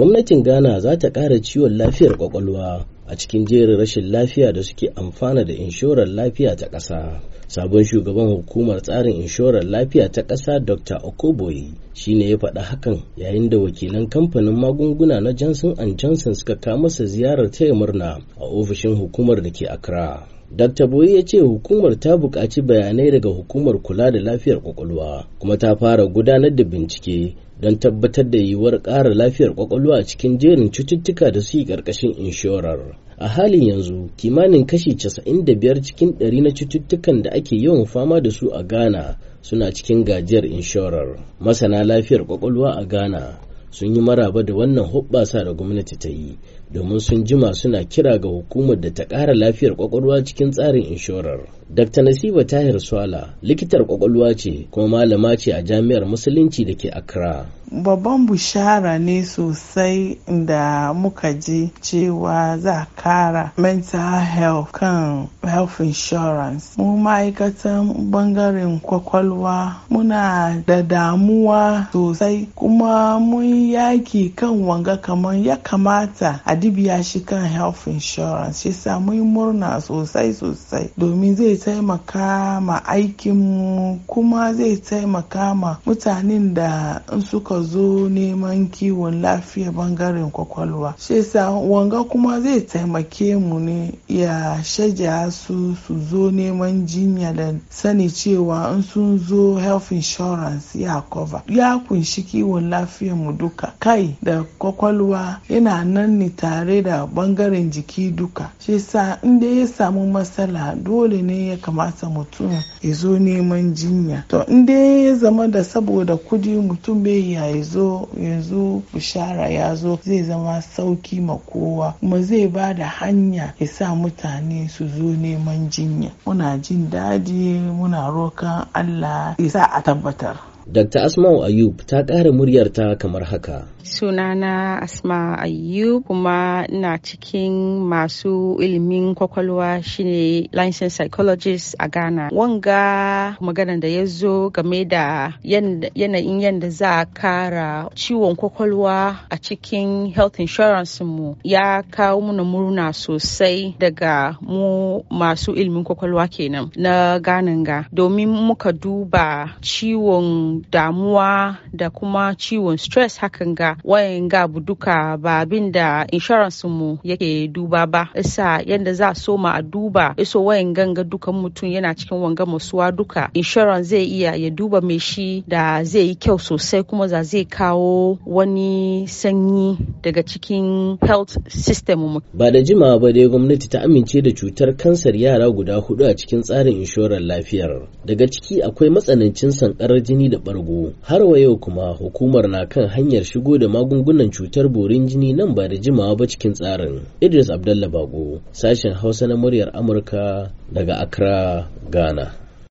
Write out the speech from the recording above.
gwamnatin ghana za ta ƙara ciwon lafiyar kwakwalwa a cikin jerin rashin lafiya da suke amfana da inshorar lafiya ta ƙasa sabon shugaban hukumar tsarin inshorar lafiya ta ƙasa dr okoboyi ne ya faɗa hakan yayin da wakilan kamfanin magunguna na johnson and johnson suka kama masa ziyarar taya murna a ofishin hukumar da ke accra Dr. Boyi ya ce hukumar ta buƙaci bayanai daga hukumar kula da lafiyar kwakwalwa kuma ta fara gudanar da bincike don tabbatar da yiwuwar ƙara lafiyar kwakwalwa a cikin jerin cututtuka da su yi ƙarƙashin inshorar. A halin yanzu, kimanin kashi 95 cikin 100 na cututtukan da ake yawan fama da su a Ghana suna cikin gajiyar inshorar. Masana lafiyar kwakwalwa a Ghana sun yi maraba da wannan hoɓɓasa da gwamnati ta yi domin sun jima suna kira ga hukumar da ta ƙara lafiyar kwakwalwa cikin tsarin inshorar. Dr. Nasiba Tahir Swala likitar kwakwalwa ce kuma malama ce a jami'ar Musulunci da ke Accra. Babban bushara ne sosai da muka ji cewa za kara mental health kan health insurance. Mu ma'aikatan bangaren kwakwalwa muna da damuwa sosai kuma mun yi yaki kan wanga kamar ya kamata a dibiya shi kan health insurance ya samu mun murna sosai sosai domin zai taimaka ma aikinmu kuma zai taimaka ma mutanen da in suka zo neman kiwon lafiya bangaren kwakwalwa shi yasa wanga kuma zai taimake mu ne ya shaja su su zo neman jinya da sani cewa in sun zo health insurance ya cover ya kunshi kiwon lafiyar mu duk duka kai da kwakwalwa yana nan ne tare da bangaren jiki duka shi sa inda ya samu matsala dole ne ya kamata mutum ya zo neman jinya to inda ya zama da saboda kudi mutum bai ya zo yanzu bishara ya zo zai zama sauki ma kowa kuma zai ba da hanya ya sa mutane su zo neman jinya muna jin daɗi muna rokan allah ya sa a tabbatar Dr. Asma'u Ayub ta ƙara muryarta kamar haka. Sunana Asma Ayub kuma na cikin masu ilimin kwakwalwa shine licensed psychologist a Ghana. Wanga magana da ya zo game da yanayin yadda za a kara ciwon kwakwalwa a cikin health insurance mu ya kawo muna murna sosai daga mu masu ilimin kwakwalwa kenan na ganin ga domin muka duba ciwon damuwa da kuma ciwon stress hakan ga wayan ga duka ba abin da insurance mu yake duba ba isa yadda za so ma a duba iso wayan ganga dukan mutum yana cikin wanga masuwa duka insurance zai iya ya duba mai shi da zai yi kyau sosai kuma za zai kawo wani sanyi daga cikin health system mu ba da jimawa ba dai gwamnati ta amince da cutar kansar yara guda hudu a cikin tsarin inshorar lafiyar daga ciki akwai matsanancin sankarar jini da ɓargo har wa yau kuma hukumar na kan hanyar shigo da magungunan cutar borin jini nan ba da jimawa ba cikin tsarin idris abdallah bago sashen hausa na muryar amurka daga accra ghana